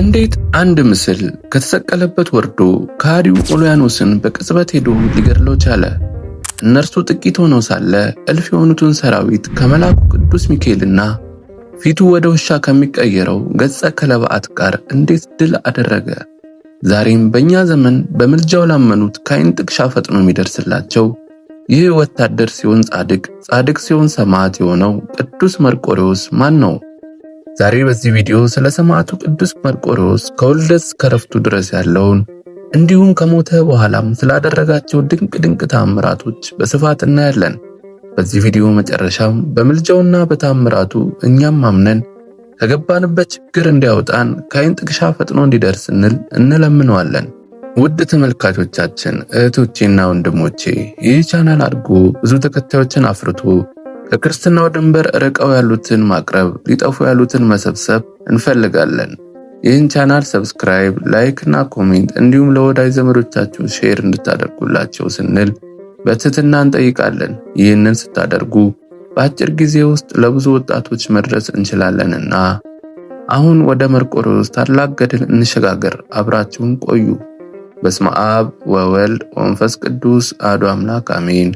እንዴት አንድ ምስል ከተሰቀለበት ወርዶ ከሃዲው ኦሎያኖስን በቅጽበት ሄዶ ሊገድለው ቻለ? እነርሱ ጥቂት ሆነው ሳለ እልፍ የሆኑትን ሰራዊት ከመልአኩ ቅዱስ ሚካኤልና ፊቱ ወደ ውሻ ከሚቀየረው ገጸ ከለባዓት ጋር እንዴት ድል አደረገ? ዛሬም በእኛ ዘመን በምልጃው ላመኑት ከአይን ጥቅሻ ፈጥኖ የሚደርስላቸው ይህ ወታደር ሲሆን ጻድቅ፣ ጻድቅ ሲሆን ሰማዕት የሆነው ቅዱስ መርቆሬዎስ ማን ነው? ዛሬ በዚህ ቪዲዮ ስለ ሰማዕቱ ቅዱስ መርቆሬዎስ ከውልደት እስከ ድረስ ያለውን እንዲሁም ከሞተ በኋላም ስላደረጋቸው ድንቅ ድንቅ ታምራቶች በስፋት እናያለን። በዚህ ቪዲዮ መጨረሻም በምልጃውና በታምራቱ እኛም አምነን ከገባንበት ችግር እንዲያወጣን ከአይን ጥቅሻ ፈጥኖ እንዲደርስ እንል እንለምነዋለን። ውድ ተመልካቾቻችን እህቶቼና ወንድሞቼ ይህ ቻናል አድጎ ብዙ ተከታዮችን አፍርቶ ከክርስትናው ድንበር ርቀው ያሉትን ማቅረብ፣ ሊጠፉ ያሉትን መሰብሰብ እንፈልጋለን። ይህን ቻናል ሰብስክራይብ፣ ላይክ እና ኮሜንት እንዲሁም ለወዳጅ ዘመዶቻችሁ ሼር እንድታደርጉላቸው ስንል በትህትና እንጠይቃለን። ይህንን ስታደርጉ በአጭር ጊዜ ውስጥ ለብዙ ወጣቶች መድረስ እንችላለንና አሁን ወደ መርቆሬዎስ ታላቅ ገድል እንሸጋገር። አብራችሁን ቆዩ። በስመ አብ ወወልድ ወመንፈስ ቅዱስ አሐዱ አምላክ አሜን።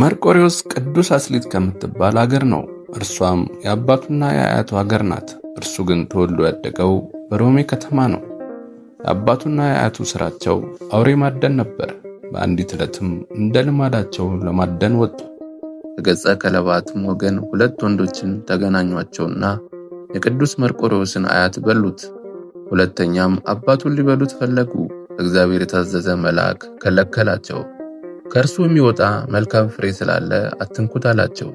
መርቆሪዎስ ቅዱስ አስሊት ከምትባል አገር ነው። እርሷም የአባቱና የአያቱ አገር ናት። እርሱ ግን ተወልዶ ያደገው በሮሜ ከተማ ነው። የአባቱና የአያቱ ስራቸው አውሬ ማደን ነበር። በአንዲት ዕለትም እንደ ልማዳቸው ለማደን ወጡ። ከገጸ ከለባትም ወገን ሁለት ወንዶችን ተገናኟቸውና የቅዱስ መርቆሪዎስን አያት በሉት። ሁለተኛም አባቱን ሊበሉት ፈለጉ። እግዚአብሔር የታዘዘ መልአክ ከለከላቸው። ከእርሱ የሚወጣ መልካም ፍሬ ስላለ አትንኩት አላቸው።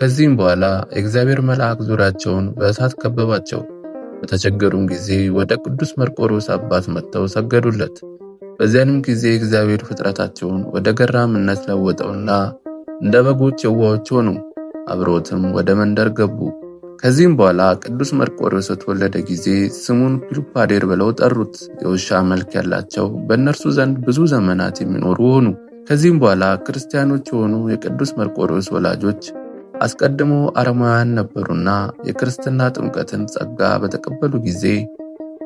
ከዚህም በኋላ የእግዚአብሔር መልአክ ዙሪያቸውን በእሳት ከበባቸው። በተቸገሩም ጊዜ ወደ ቅዱስ መርቆሮስ አባት መጥተው ሰገዱለት። በዚያንም ጊዜ እግዚአብሔር ፍጥረታቸውን ወደ ገራምነት ለወጠውና እንደ በጎች የዋዎች ሆኑ። አብሮትም ወደ መንደር ገቡ። ከዚህም በኋላ ቅዱስ መርቆሮስ በተወለደ ጊዜ ስሙን ፒሉፓዴር ብለው ጠሩት። የውሻ መልክ ያላቸው በእነርሱ ዘንድ ብዙ ዘመናት የሚኖሩ ሆኑ። ከዚህም በኋላ ክርስቲያኖች የሆኑ የቅዱስ መርቆሬዎስ ወላጆች አስቀድሞ አረማውያን ነበሩና የክርስትና ጥምቀትን ጸጋ በተቀበሉ ጊዜ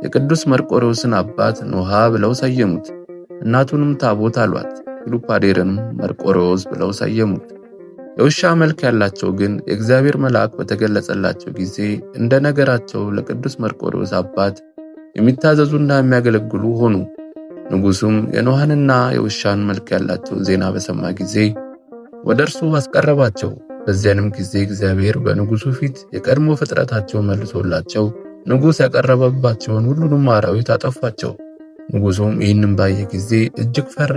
የቅዱስ መርቆሬዎስን አባት ኖሃ ብለው ሰየሙት። እናቱንም ታቦት አሏት። ሉፓዴርንም መርቆሬዎስ ብለው ሰየሙት። የውሻ መልክ ያላቸው ግን የእግዚአብሔር መልአክ በተገለጸላቸው ጊዜ እንደ ነገራቸው ለቅዱስ መርቆሬዎስ አባት የሚታዘዙና የሚያገለግሉ ሆኑ። ንጉሡም የኖሐንና የውሻን መልክ ያላቸውን ዜና በሰማ ጊዜ ወደ እርሱ አስቀረባቸው። በዚያንም ጊዜ እግዚአብሔር በንጉሡ ፊት የቀድሞ ፍጥረታቸው መልሶላቸው ንጉሥ ያቀረበባቸውን ሁሉንም አራዊት አጠፋቸው። ንጉሡም ይህንም ባየ ጊዜ እጅግ ፈራ።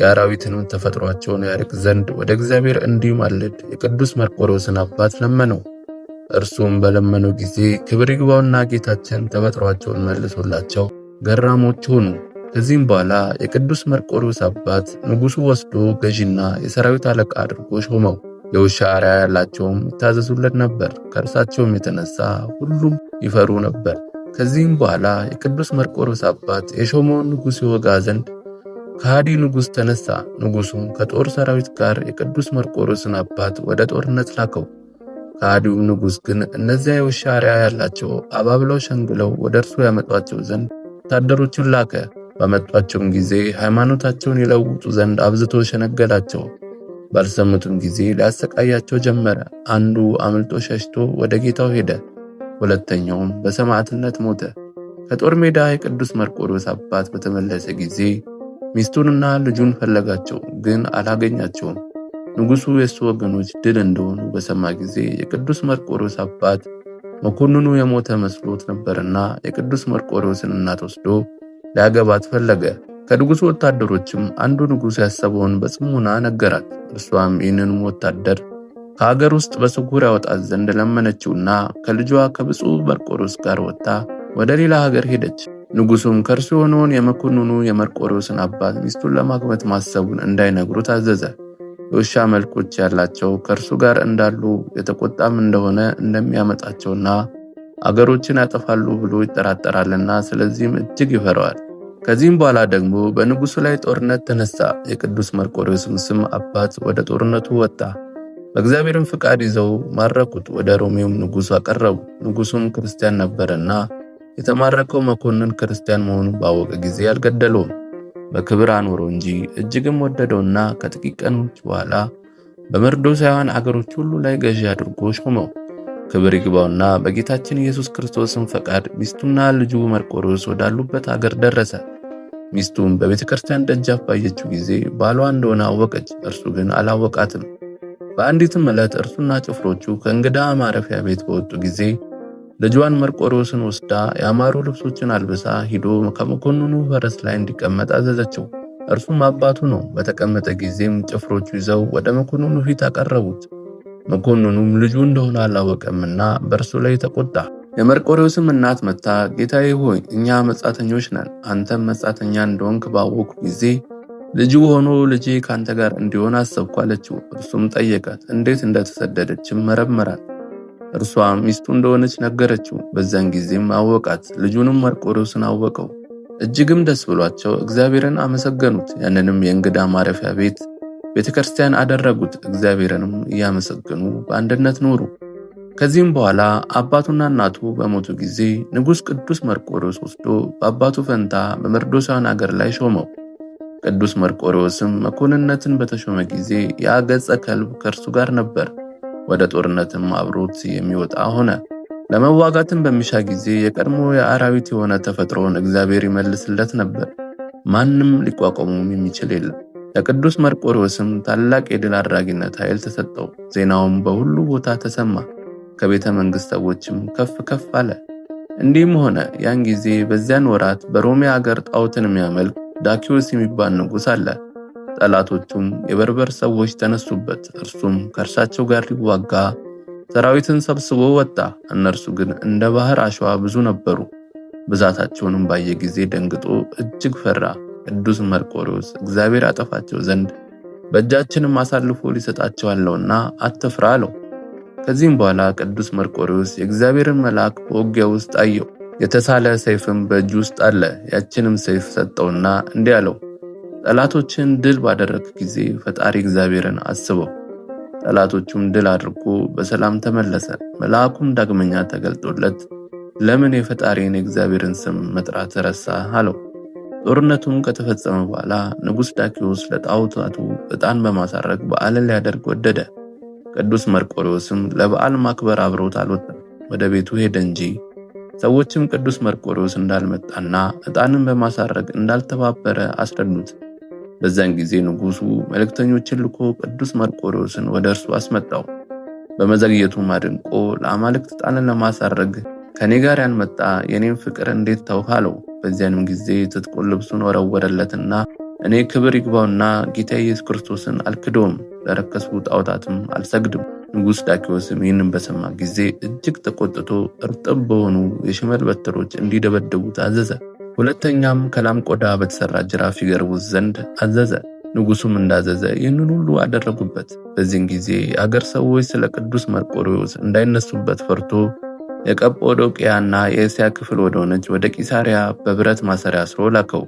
የአራዊትንም ተፈጥሯቸውን ያርቅ ዘንድ ወደ እግዚአብሔር እንዲማልድ የቅዱስ መርቆሮስን አባት ለመነው። እርሱም በለመነው ጊዜ ክብር ይግባውና ጌታችን ተፈጥሯቸውን መልሶላቸው ገራሞች ሆኑ። ከዚህም በኋላ የቅዱስ መርቆሪዎስ አባት ንጉሡ ወስዶ ገዢና የሰራዊት አለቃ አድርጎ ሾመው። የውሻ አርያ ያላቸውም ይታዘዙለት ነበር። ከእርሳቸውም የተነሳ ሁሉም ይፈሩ ነበር። ከዚህም በኋላ የቅዱስ መርቆሪዎስ አባት የሾመውን ንጉሥ ይወጋ ዘንድ ከሃዲ ንጉሥ ተነሳ። ንጉሡም ከጦር ሰራዊት ጋር የቅዱስ መርቆሪዎስን አባት ወደ ጦርነት ላከው። ከሃዲውም ንጉሥ ግን እነዚያ የውሻ አርያ ያላቸው አባብለው ሸንግለው ወደ እርሱ ያመጧቸው ዘንድ ወታደሮቹን ላከ። በመጧቸውም ጊዜ ሃይማኖታቸውን ይለውጡ ዘንድ አብዝቶ ሸነገላቸው። ባልሰሙትም ጊዜ ሊያሰቃያቸው ጀመረ። አንዱ አምልጦ ሸሽቶ ወደ ጌታው ሄደ፣ ሁለተኛውም በሰማዕትነት ሞተ። ከጦር ሜዳ የቅዱስ መርቆሮስ አባት በተመለሰ ጊዜ ሚስቱንና ልጁን ፈለጋቸው፣ ግን አላገኛቸውም። ንጉሡ የእሱ ወገኖች ድል እንደሆኑ በሰማ ጊዜ የቅዱስ መርቆሮስ አባት መኮንኑ የሞተ መስሎት ነበርና የቅዱስ መርቆሮስን እናት ወስዶ ሊያገባት ፈለገ። ከንጉሱ ወታደሮችም አንዱ ንጉስ ያሰበውን በጽሙና ነገራት። እርሷም ይህንንም ወታደር ከሀገር ውስጥ በስጉር ያወጣት ዘንድ ለመነችውና ከልጇ ከብፁዕ መርቆሮስ ጋር ወጥታ ወደ ሌላ ሀገር ሄደች። ንጉሱም ከእርሱ የሆነውን የመኮንኑ የመርቆሮስን አባት ሚስቱን ለማግባት ማሰቡን እንዳይነግሩ ታዘዘ። የውሻ መልኮች ያላቸው ከእርሱ ጋር እንዳሉ የተቆጣም እንደሆነ እንደሚያመጣቸውና አገሮችን ያጠፋሉ ብሎ ይጠራጠራልና ስለዚህም እጅግ ይፈራዋል። ከዚህም በኋላ ደግሞ በንጉሱ ላይ ጦርነት ተነሳ። የቅዱስ መርቆሬዎስም ስም አባት ወደ ጦርነቱ ወጣ። በእግዚአብሔርም ፍቃድ ይዘው ማረኩት። ወደ ሮሜውም ንጉሱ አቀረቡ። ንጉሱም ክርስቲያን ነበረና የተማረከው መኮንን ክርስቲያን መሆኑን ባወቀ ጊዜ አልገደለውም፣ በክብር አኖረው እንጂ እጅግም ወደደውና ከጥቂት ቀኖች በኋላ በመርዶ ሳይሆን አገሮች ሁሉ ላይ ገዢ አድርጎ ሾመው። ክብር ይግባውና በጌታችን ኢየሱስ ክርስቶስን ፈቃድ ሚስቱና ልጁ መርቆሮስ ወዳሉበት አገር ደረሰ። ሚስቱም በቤተ ክርስቲያን ደጃፍ ባየችው ጊዜ ባሏ እንደሆነ አወቀች፣ እርሱ ግን አላወቃትም። በአንዲትም ዕለት እርሱና ጭፍሮቹ ከእንግዳ ማረፊያ ቤት በወጡ ጊዜ ልጇን መርቆሮስን ወስዳ ያማሩ ልብሶችን አልብሳ ሂዶ ከመኮንኑ ፈረስ ላይ እንዲቀመጥ አዘዘችው። እርሱም አባቱ ነው። በተቀመጠ ጊዜም ጭፍሮቹ ይዘው ወደ መኮንኑ ፊት አቀረቡት። መኮንኑም ልጁ እንደሆነ አላወቀምና በእርሱ ላይ ተቆጣ። የመርቆሬዎስም እናት መጥታ ጌታዬ ሆይ እኛ መጻተኞች ነን፣ አንተም መጻተኛ እንደሆንክ ባወቅኩ ጊዜ ልጁ ሆኖ ልጄ ከአንተ ጋር እንዲሆን አሰብኩ አለችው። እርሱም ጠየቃት፣ እንዴት እንደተሰደደችም መረመራት። እርሷ ሚስቱ እንደሆነች ነገረችው። በዚያን ጊዜም አወቃት፣ ልጁንም መርቆሬዎስን አወቀው። እጅግም ደስ ብሏቸው እግዚአብሔርን አመሰገኑት። ያንንም የእንግዳ ማረፊያ ቤት ቤተ ክርስቲያን አደረጉት። እግዚአብሔርንም እያመሰገኑ በአንድነት ኖሩ። ከዚህም በኋላ አባቱና እናቱ በሞቱ ጊዜ ንጉሥ ቅዱስ መርቆሪዎስ ወስዶ በአባቱ ፈንታ በመርዶሳን አገር ላይ ሾመው። ቅዱስ መርቆሪዎስም መኮንነትን በተሾመ ጊዜ የአገጸ ከልብ ከእርሱ ጋር ነበር። ወደ ጦርነትም አብሮት የሚወጣ ሆነ። ለመዋጋትም በሚሻ ጊዜ የቀድሞ የአራዊት የሆነ ተፈጥሮውን እግዚአብሔር ይመልስለት ነበር። ማንም ሊቋቋሙም የሚችል የለም። ለቅዱስ መርቆሬዎስም ታላቅ የድል አድራጊነት ኃይል ተሰጠው። ዜናውም በሁሉ ቦታ ተሰማ፣ ከቤተ መንግሥት ሰዎችም ከፍ ከፍ አለ። እንዲህም ሆነ፣ ያን ጊዜ በዚያን ወራት በሮሜ አገር ጣዖትን የሚያመልክ ዳኪዎስ የሚባል ንጉሥ አለ። ጠላቶቹም የበርበር ሰዎች ተነሱበት። እርሱም ከእርሳቸው ጋር ሊዋጋ ሰራዊትን ሰብስቦ ወጣ። እነርሱ ግን እንደ ባህር አሸዋ ብዙ ነበሩ። ብዛታቸውንም ባየ ጊዜ ደንግጦ እጅግ ፈራ። ቅዱስ መርቆሮስ እግዚአብሔር አጠፋቸው ዘንድ በእጃችንም አሳልፎ ሊሰጣቸዋለውና አትፍራ አለው። ከዚህም በኋላ ቅዱስ መርቆሮስ የእግዚአብሔርን መልአክ በውጊያ ውስጥ አየው። የተሳለ ሰይፍም በእጁ ውስጥ አለ። ያችንም ሰይፍ ሰጠውና እንዲህ አለው፣ ጠላቶችን ድል ባደረግ ጊዜ ፈጣሪ እግዚአብሔርን አስበው። ጠላቶቹም ድል አድርጎ በሰላም ተመለሰ። መልአኩም ዳግመኛ ተገልጦለት ለምን የፈጣሪን የእግዚአብሔርን ስም መጥራት ረሳህ? አለው። ጦርነቱም ከተፈጸመ በኋላ ንጉሥ ዳኪዎስ ለጣዖታቱ ዕጣን በማሳረግ በዓልን ሊያደርግ ወደደ። ቅዱስ መርቆሪዎስም ለበዓል ማክበር አብሮት አልወጣም፣ ወደ ቤቱ ሄደ እንጂ። ሰዎችም ቅዱስ መርቆሪዎስ እንዳልመጣና ዕጣንን በማሳረግ እንዳልተባበረ አስረዱት። በዚያን ጊዜ ንጉሡ መልእክተኞችን ልኮ ቅዱስ መርቆሪዎስን ወደ እርሱ አስመጣው። በመዘግየቱም አድንቆ ለአማልክት ዕጣንን ለማሳረግ ከኔ ጋር ያልመጣ የኔን ፍቅር እንዴት ተውህ አለው። በዚያንም ጊዜ ትጥቁን ልብሱን ወረወረለትና እኔ ክብር ይግባውና ጌታ ኢየሱስ ክርስቶስን አልክደውም፣ ለረከሱ ጣዖታትም አልሰግድም። ንጉሥ ዳኪዎስም ይህንን በሰማ ጊዜ እጅግ ተቆጥቶ እርጥብ በሆኑ የሽመል በትሮች እንዲደበደቡት አዘዘ። ሁለተኛም ከላም ቆዳ በተሰራ ጅራፍ ይገርቡት ዘንድ አዘዘ። ንጉሱም እንዳዘዘ ይህንን ሁሉ አደረጉበት። በዚህን ጊዜ አገር ሰዎች ስለ ቅዱስ መርቆሪዎስ እንዳይነሱበት ፈርቶ የቀጶዶቅያና የእስያ ክፍል ወደሆነች ወደ ቂሳሪያ በብረት ማሰሪያ አስሮ ላከው።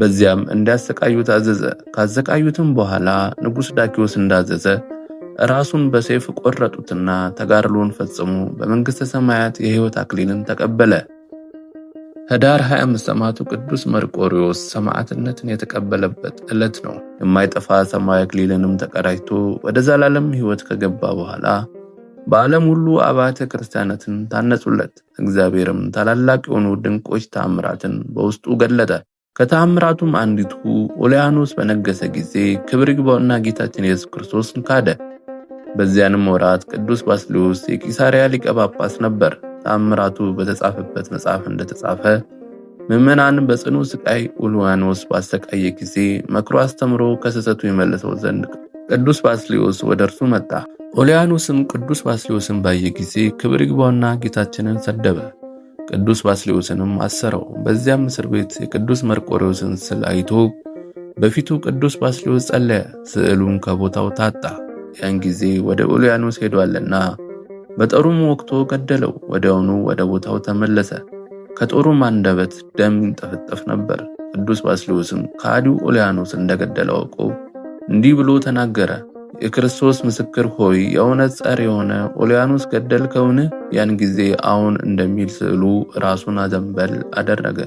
በዚያም እንዲያሰቃዩት አዘዘ። ካዘቃዩትም በኋላ ንጉሥ ዳኪዎስ እንዳዘዘ ራሱን በሰይፍ ቆረጡትና ተጋድሎን ፈጽሞ በመንግሥተ ሰማያት የሕይወት አክሊልን ተቀበለ። ህዳር 25 ሰማዕቱ ቅዱስ መርቆሪዎስ ሰማዕትነትን የተቀበለበት ዕለት ነው። የማይጠፋ ሰማያዊ አክሊልንም ተቀዳጅቶ ወደ ዘላለም ሕይወት ከገባ በኋላ በዓለም ሁሉ አብያተ ክርስቲያናትን ታነጹለት። እግዚአብሔርም ታላላቅ የሆኑ ድንቆች ተአምራትን በውስጡ ገለጠ። ከተአምራቱም አንዲቱ ኦሊያኖስ በነገሰ ጊዜ ክብር ይግባውና ጌታችን ኢየሱስ ክርስቶስን ካደ። በዚያንም ወራት ቅዱስ ባስሊዮስ የቂሳሪያ ሊቀ ጳጳስ ነበር። ተአምራቱ በተጻፈበት መጽሐፍ እንደተጻፈ ምዕመናንም በጽኑ ስቃይ ኦሊያኖስ ባሰቃየ ጊዜ መክሮ አስተምሮ ከስህተቱ የመለሰው ዘንድ ቅዱስ ባስልዮስ ወደ እርሱ መጣ። ኦሊያኖስም ቅዱስ ባስልዮስን ባየ ጊዜ ክብር ይግባውና ጌታችንን ሰደበ። ቅዱስ ባስልዮስንም አሰረው። በዚያም እስር ቤት የቅዱስ መርቆሬዎስን ስዕል አይቶ በፊቱ ቅዱስ ባስልዮስ ጸለየ። ስዕሉም ከቦታው ታጣ። ያን ጊዜ ወደ ኦሊያኖስ ሄዷልና በጦሩም ወቅቶ ገደለው። ወዲያውኑ ወደ ቦታው ተመለሰ። ከጦሩም አንደበት ደም ይንጠፈጠፍ ነበር። ቅዱስ ባስልዮስም ከአዲው ኦሊያኖስ እንደገደለው አውቆ እንዲህ ብሎ ተናገረ። የክርስቶስ ምስክር ሆይ የእውነት ጸር የሆነ ኦልያኖስ ገደልከውን? ያን ጊዜ አሁን እንደሚል ስዕሉ ራሱን አዘንበል አደረገ።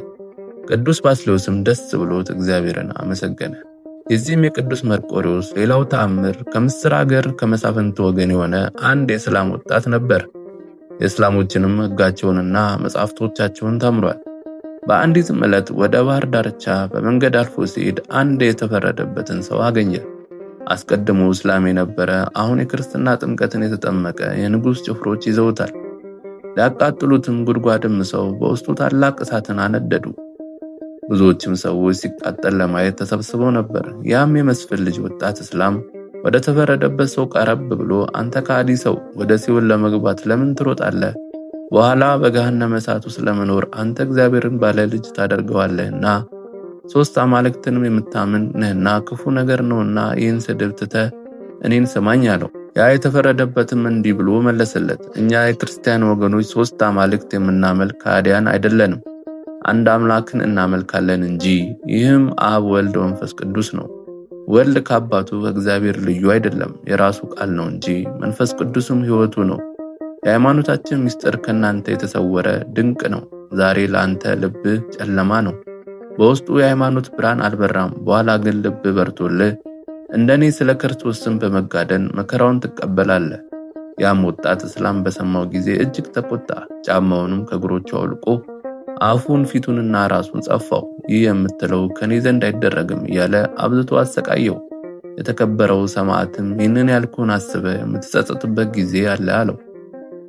ቅዱስ ባስሌዎስም ደስ ብሎት እግዚአብሔርን አመሰገነ። የዚህም የቅዱስ መርቆሪዎስ ሌላው ተአምር ከምስር አገር ከመሳፍንት ወገን የሆነ አንድ የሰላም ወጣት ነበር። የእስላሞችንም ሕጋቸውንና መጻሕፍቶቻቸውን ተምሯል። በአንዲት ዕለት ወደ ባህር ዳርቻ በመንገድ አልፎ ሲሄድ አንድ የተፈረደበትን ሰው አገኘ። አስቀድሞ እስላም የነበረ አሁን የክርስትና ጥምቀትን የተጠመቀ የንጉሥ ጭፍሮች ይዘውታል። ሊያቃጥሉትም ጉድጓድም ሰው በውስጡ ታላቅ እሳትን አነደዱ። ብዙዎችም ሰዎች ሲቃጠል ለማየት ተሰብስበው ነበር። ያም የመስፍን ልጅ ወጣት እስላም ወደ ተፈረደበት ሰው ቀረብ ብሎ አንተ ከሃዲ ሰው ወደ ሲኦል ለመግባት ለምን ትሮጣለህ? በኋላ በገሃነመ እሳት ውስጥ ለመኖር አንተ እግዚአብሔርን ባለ ልጅ ታደርገዋለህና ሶስት አማልክትንም የምታምን ነህና ክፉ ነገር ነውና ይህን ስድብ ትተህ እኔን ስማኝ አለው። ያ የተፈረደበትም እንዲህ ብሎ መለሰለት፣ እኛ የክርስቲያን ወገኖች ሶስት አማልክት የምናመልክ ከሃዲያን አይደለንም፣ አንድ አምላክን እናመልካለን እንጂ። ይህም አብ፣ ወልድ፣ መንፈስ ቅዱስ ነው። ወልድ ከአባቱ ከእግዚአብሔር ልዩ አይደለም፣ የራሱ ቃል ነው እንጂ። መንፈስ ቅዱስም ሕይወቱ ነው የሃይማኖታችን ምስጢር ከእናንተ የተሰወረ ድንቅ ነው። ዛሬ ለአንተ ልብ ጨለማ ነው፣ በውስጡ የሃይማኖት ብርሃን አልበራም። በኋላ ግን ልብ በርቶልህ እንደ እኔ ስለ ክርስቶስን በመጋደን መከራውን ትቀበላለህ። ያም ወጣት እስላም በሰማው ጊዜ እጅግ ተቆጣ። ጫማውንም ከእግሮቹ አውልቆ አፉን ፊቱንና ራሱን ጸፋው። ይህ የምትለው ከኔ ዘንድ አይደረግም እያለ አብዝቶ አሰቃየው። የተከበረው ሰማዕትም ይህንን ያልኩን አስበህ የምትጸጸትበት ጊዜ አለ አለው።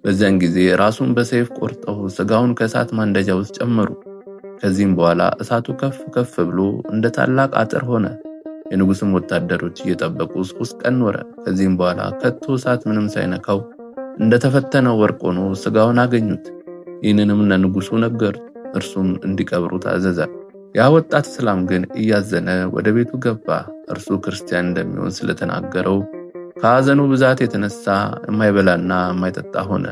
በዚያን ጊዜ ራሱን በሰይፍ ቆርጠው ስጋውን ከእሳት ማንደጃ ውስጥ ጨመሩ። ከዚህም በኋላ እሳቱ ከፍ ከፍ ብሎ እንደ ታላቅ አጥር ሆነ። የንጉሥም ወታደሮች እየጠበቁ ውስጥ ቀን ኖረ። ከዚህም በኋላ ከቶ እሳት ምንም ሳይነካው እንደተፈተነው ወርቅ ሆኖ ስጋውን አገኙት። ይህንንም ለንጉሱ ነገሩት። እርሱም እንዲቀብሩ ታዘዘ። ያ ወጣት ሰላም ግን እያዘነ ወደ ቤቱ ገባ። እርሱ ክርስቲያን እንደሚሆን ስለተናገረው ከሐዘኑ ብዛት የተነሳ የማይበላና የማይጠጣ ሆነ።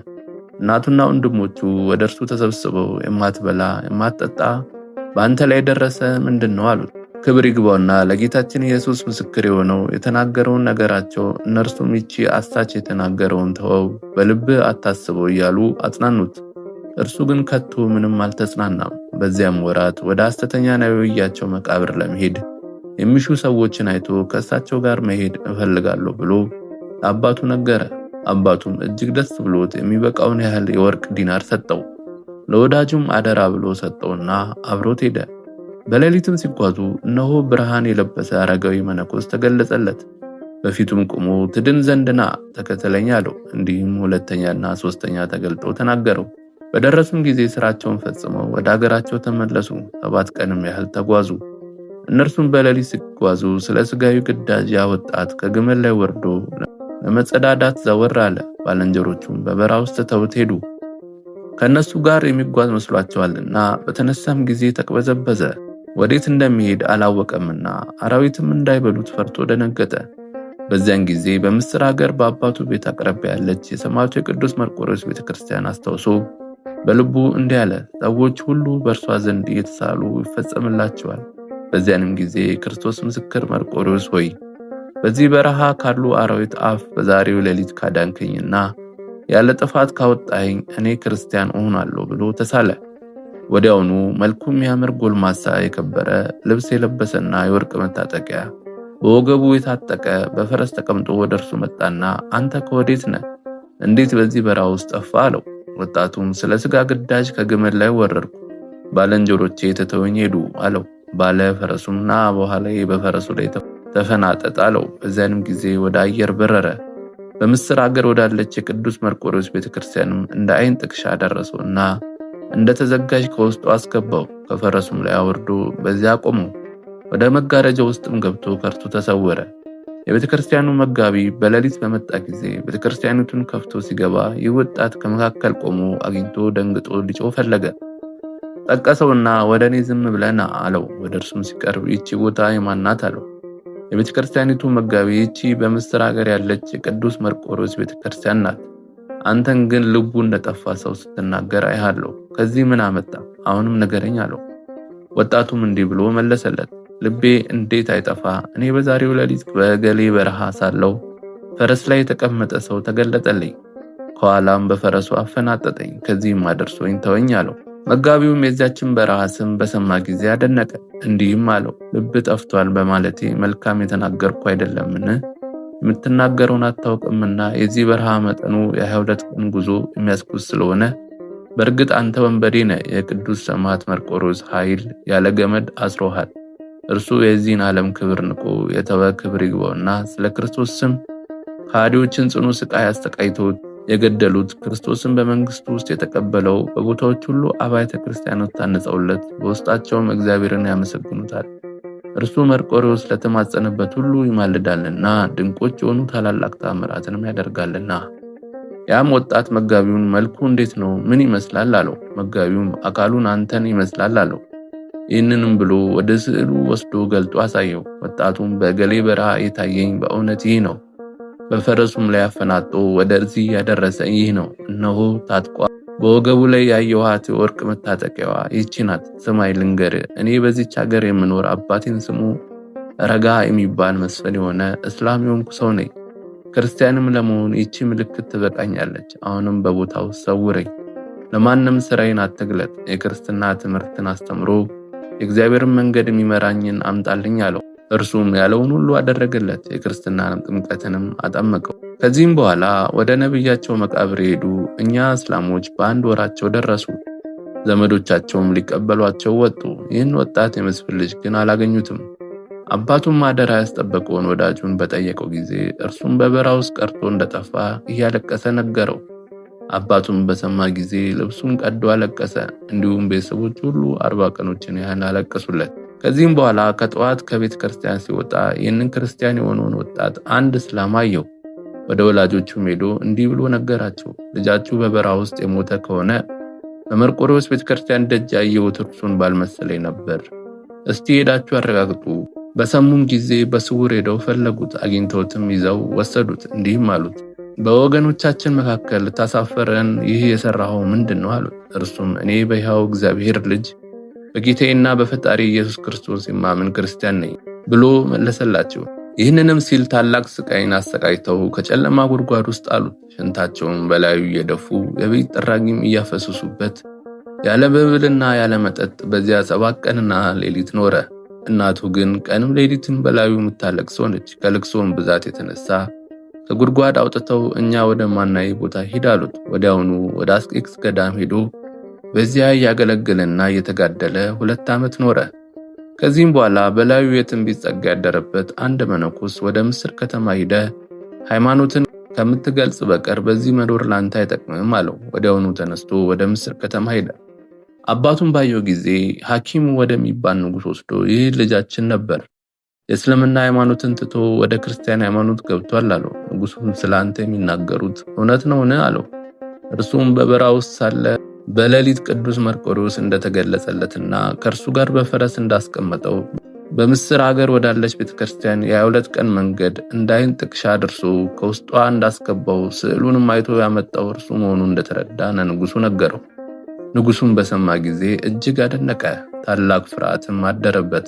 እናቱና ወንድሞቹ ወደ እርሱ ተሰብስበው የማትበላ የማትጠጣ በአንተ ላይ የደረሰ ምንድን ነው አሉት። ክብር ይግባውና ለጌታችን ኢየሱስ ምስክር የሆነው የተናገረውን ነገራቸው። እነርሱም ይቺ አሳች የተናገረውን ተወው፣ በልብህ አታስበው እያሉ አጽናኑት። እርሱ ግን ከቶ ምንም አልተጽናናም። በዚያም ወራት ወደ ሐሰተኛ ነቢያቸው መቃብር ለመሄድ የሚሹ ሰዎችን አይቶ ከእሳቸው ጋር መሄድ እፈልጋለሁ ብሎ አባቱ ነገረ። አባቱም እጅግ ደስ ብሎት የሚበቃውን ያህል የወርቅ ዲናር ሰጠው። ለወዳጁም አደራ ብሎ ሰጠውና አብሮት ሄደ። በሌሊትም ሲጓዙ እነሆ ብርሃን የለበሰ አረጋዊ መነኮስ ተገለጸለት። በፊቱም ቆሞ ትድን ዘንድና ተከተለኝ አለው። እንዲህም ሁለተኛና ሶስተኛ ተገልጦ ተናገረው። በደረሱም ጊዜ ስራቸውን ፈጽመው ወደ አገራቸው ተመለሱ። ሰባት ቀንም ያህል ተጓዙ። እነርሱም በሌሊት ሲጓዙ ስለ ሥጋዊ ግዳጅ ያወጣት ወጣት ከግመል ላይ ወርዶ ለመጸዳዳት ዘወር አለ። ባለንጀሮቹም በበረሃ ውስጥ ትተውት ሄዱ፣ ከእነሱ ጋር የሚጓዝ መስሏቸዋልና። በተነሳም ጊዜ ተቅበዘበዘ፣ ወዴት እንደሚሄድ አላወቀምና፣ አራዊትም እንዳይበሉት ፈርቶ ደነገጠ። በዚያን ጊዜ በምስር ሀገር በአባቱ ቤት አቅረቢ ያለች የሰማዕቱ የቅዱስ መርቆሬዎስ ቤተ ክርስቲያን አስታውሶ በልቡ እንዲህ አለ፣ ሰዎች ሁሉ በእርሷ ዘንድ እየተሳሉ ይፈጸምላቸዋል በዚያንም ጊዜ የክርስቶስ ምስክር መርቆሬዎስ ሆይ በዚህ በረሃ ካሉ አራዊት አፍ በዛሬው ሌሊት ካዳንከኝና ያለ ጥፋት ካወጣኝ እኔ ክርስቲያን እሆናለሁ ብሎ ተሳለ። ወዲያውኑ መልኩ የሚያምር ጎልማሳ የከበረ ልብስ የለበሰና የወርቅ መታጠቂያ በወገቡ የታጠቀ በፈረስ ተቀምጦ ወደ እርሱ መጣና አንተ ከወዴት ነህ? እንዴት በዚህ በረሃ ውስጥ ጠፋ? አለው። ወጣቱም ስለ ስጋ ግዳጅ ከግመል ላይ ወረድኩ፣ ባልንጀሮቼ ተተወኝ ሄዱ አለው። ባለ ፈረሱና በኋላ በፈረሱ ላይ ተፈናጠጠ አለው። በዚያንም ጊዜ ወደ አየር በረረ። በምስር አገር ወዳለች የቅዱስ መርቆሪዎስ ቤተክርስቲያንም እንደ አይን ጥቅሻ ደረሰው እና እንደ ተዘጋጅ ከውስጡ አስገባው። ከፈረሱም ላይ አወርዶ በዚያ ቆመው። ወደ መጋረጃ ውስጥም ገብቶ ከርቱ ተሰወረ። የቤተክርስቲያኑ መጋቢ በሌሊት በመጣ ጊዜ ቤተክርስቲያኒቱን ከፍቶ ሲገባ ይህ ወጣት ከመካከል ቆሞ አግኝቶ ደንግጦ ሊጮ ፈለገ። ጠቀሰውና ወደ እኔ ዝም ብለና አለው። ወደ እርሱም ሲቀርብ ይቺ ቦታ የማናት አለው። የቤተ ክርስቲያኒቱ መጋቢ ይቺ በምስር ሀገር ያለች የቅዱስ መርቆሮስ ቤተ ክርስቲያን ናት። አንተን ግን ልቡ እንደጠፋ ሰው ስትናገር አይሃለሁ። ከዚህ ምን አመጣ? አሁንም ንገረኝ አለው። ወጣቱም እንዲህ ብሎ መለሰለት። ልቤ እንዴት አይጠፋ? እኔ በዛሬው ሌሊት በገሌ በረሃ ሳለው ፈረስ ላይ የተቀመጠ ሰው ተገለጠልኝ። ከኋላም በፈረሱ አፈናጠጠኝ፣ ከዚህም አደርሶኝ ተወኝ አለው። መጋቢውም የዚያችን በረሃ ስም በሰማ ጊዜ አደነቀ፣ እንዲህም አለው፣ ልብ ጠፍቷል በማለቴ መልካም የተናገርኩ አይደለምን? የምትናገረውን አታውቅምና የዚህ በረሃ መጠኑ የ 22 ቀን ጉዞ የሚያስጉዝ ስለሆነ በእርግጥ አንተ ወንበዴ ነህ። የቅዱስ ሰማዕት መርቆሮስ ኃይል ያለ ገመድ አስሮሃል። እርሱ የዚህን ዓለም ክብር ንቆ የተወ ክብር ይግባውና ስለ ክርስቶስ ስም ከሃዲዎችን ጽኑ ስቃይ አስተቃይተውት የገደሉት ክርስቶስን በመንግስቱ ውስጥ የተቀበለው በቦታዎች ሁሉ አብያተ ክርስቲያናት ታንጸውለት በውስጣቸውም እግዚአብሔርን ያመሰግኑታል። እርሱ መርቆሬዎስ ለተማጸነበት ሁሉ ይማልዳልና ድንቆች የሆኑ ታላላቅ ታምራትንም ያደርጋልና። ያም ወጣት መጋቢውን መልኩ እንዴት ነው? ምን ይመስላል አለው። መጋቢውም አካሉን አንተን ይመስላል አለው። ይህንንም ብሎ ወደ ስዕሉ ወስዶ ገልጦ አሳየው። ወጣቱም በገሌ በረሃ የታየኝ በእውነት ይህ ነው በፈረሱም ላይ አፈናጦ ወደዚህ ያደረሰኝ ይህ ነው። እነሆ ታጥቋ በወገቡ ላይ ያየኋት የወርቅ መታጠቂያዋ ይቺ ናት። ስማይ ልንገር፣ እኔ በዚች ሀገር የምኖር አባቴን ስሙ ረጋ የሚባል መስፈን የሆነ እስላም የሆንኩ ሰው ነኝ። ክርስቲያንም ለመሆን ይቺ ምልክት ትበቃኛለች። አሁንም በቦታው ሰውረኝ፣ ለማንም ስራዬን አትግለጥ። የክርስትና ትምህርትን አስተምሮ የእግዚአብሔርን መንገድ የሚመራኝን አምጣልኝ አለው። እርሱም ያለውን ሁሉ አደረገለት። የክርስትናንም ጥምቀትንም አጠመቀው። ከዚህም በኋላ ወደ ነቢያቸው መቃብር ሄዱ። እኛ እስላሞች በአንድ ወራቸው ደረሱ። ዘመዶቻቸውም ሊቀበሏቸው ወጡ። ይህን ወጣት የመስፍን ልጅ ግን አላገኙትም። አባቱም አደራ ያስጠበቀውን ወዳጁን በጠየቀው ጊዜ እርሱም በበረሃ ውስጥ ቀርቶ እንደጠፋ እያለቀሰ ነገረው። አባቱም በሰማ ጊዜ ልብሱን ቀዶ አለቀሰ። እንዲሁም ቤተሰቦች ሁሉ አርባ ቀኖችን ያህል አለቀሱለት። ከዚህም በኋላ ከጠዋት ከቤተ ክርስቲያን ሲወጣ ይህንን ክርስቲያን የሆነውን ወጣት አንድ እስላም አየው። ወደ ወላጆቹም ሄዶ እንዲህ ብሎ ነገራቸው። ልጃችሁ በበረሃ ውስጥ የሞተ ከሆነ በመርቆሬዎስ ቤተ ክርስቲያን ደጅ ያየሁት እርሱን ባልመሰለኝ ነበር። እስቲ ሄዳችሁ አረጋግጡ። በሰሙም ጊዜ በስውር ሄደው ፈለጉት፣ አግኝተውትም ይዘው ወሰዱት። እንዲህም አሉት፣ በወገኖቻችን መካከል ታሳፈረን፣ ይህ የሰራኸው ምንድን ነው አሉት። እርሱም እኔ በሕያው እግዚአብሔር ልጅ በጌታዬና በፈጣሪ ኢየሱስ ክርስቶስ የማምን ክርስቲያን ነኝ ብሎ መለሰላቸው። ይህንንም ሲል ታላቅ ስቃይን አሰቃይተው ከጨለማ ጉድጓድ ውስጥ አሉት። ሽንታቸውን በላዩ እየደፉ የቤት ጠራጊም እያፈሰሱበት ያለ መብልና ያለ መጠጥ በዚያ ሰባት ቀንና ሌሊት ኖረ። እናቱ ግን ቀንም ሌሊትን በላዩ የምታለቅሰው ነች። ከልቅሶን ብዛት የተነሳ ከጉድጓድ አውጥተው እኛ ወደ ማናይ ቦታ ሂድ አሉት። ወዲያውኑ ወደ አስቄክስ ገዳም ሄዶ በዚያ እያገለገለና እየተጋደለ ሁለት ዓመት ኖረ። ከዚህም በኋላ በላዩ የትንቢት ጸጋ ያደረበት አንድ መነኩስ ወደ ምስር ከተማ ሂደ ሃይማኖትን ከምትገልጽ በቀር በዚህ መኖር ላንተ አይጠቅምም አለው። ወዲያውኑ ተነስቶ ወደ ምስር ከተማ ሄደ። አባቱን ባየው ጊዜ ሐኪሙ ወደሚባል ንጉሥ ወስዶ ይህ ልጃችን ነበር የእስልምና ሃይማኖትን ትቶ ወደ ክርስቲያን ሃይማኖት ገብቷል አለው። ንጉሡም ስለ አንተ የሚናገሩት እውነት ነውን? አለው። እርሱም በበረሃ ውስጥ ሳለ በሌሊት ቅዱስ መርቆሪዎስ እንደተገለጸለትና ከእርሱ ጋር በፈረስ እንዳስቀመጠው በምስር አገር ወዳለች ቤተ ክርስቲያን የሁለት ቀን መንገድ እንዳይን ጥቅሻ ደርሶ ከውስጧ እንዳስገባው ስዕሉንም አይቶ ያመጣው እርሱ መሆኑ እንደተረዳ ለንጉሡ ነገረው። ንጉሱም በሰማ ጊዜ እጅግ አደነቀ፣ ታላቅ ፍርሃትም አደረበት።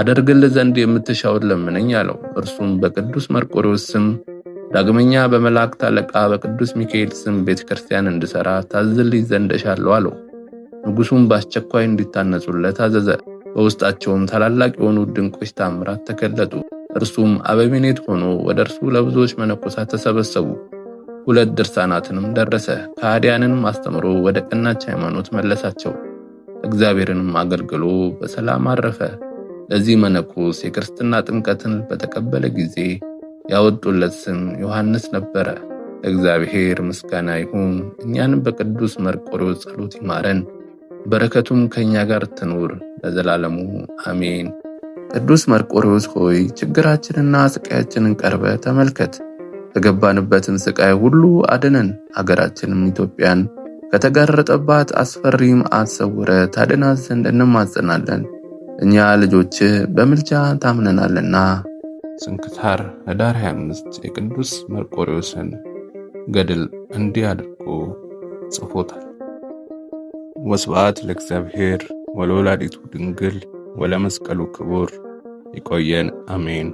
አደርግል ዘንድ የምትሻውን ለምነኝ አለው። እርሱም በቅዱስ መርቆሪዎስ ስም ዳግመኛ በመላእክት አለቃ በቅዱስ ሚካኤል ስም ቤተ ክርስቲያን እንድሠራ ታዝልኝ ዘንድ እሻለሁ አለው። ንጉሡም በአስቸኳይ እንዲታነጹለት አዘዘ። በውስጣቸውም ታላላቅ የሆኑ ድንቆች ታምራት ተገለጡ። እርሱም አበምኔት ሆኖ ወደ እርሱ ለብዙዎች መነኮሳት ተሰበሰቡ። ሁለት ድርሳናትንም ደረሰ። ከሃዲያንንም አስተምሮ ወደ ቀናች ሃይማኖት መለሳቸው። እግዚአብሔርንም አገልግሎ በሰላም አረፈ። ለዚህ መነኮስ የክርስትና ጥምቀትን በተቀበለ ጊዜ ያወጡለት ስም ዮሐንስ ነበረ። እግዚአብሔር ምስጋና ይሁን። እኛንም በቅዱስ መርቆሬዎስ ጸሎት ይማረን፣ በረከቱም ከእኛ ጋር ትኑር ለዘላለሙ አሜን። ቅዱስ መርቆሬዎስ ሆይ ችግራችንና ስቃያችንን ቀርበ ተመልከት። ከገባንበትን ስቃይ ሁሉ አድነን። አገራችንም ኢትዮጵያን ከተጋረጠባት አስፈሪ መዓት ሰውረ ታድናት ዘንድ እንማጸናለን። እኛ ልጆች በምልጃ ታምነናልና ስንክታር ህዳር 25 የቅዱስ መርቆሪዎስን ገድል እንዲህ አድርጎ ጽፎታል። ወስብሐት ለእግዚአብሔር ወለወላዲቱ ድንግል ወለመስቀሉ ክቡር። ይቆየን። አሜን።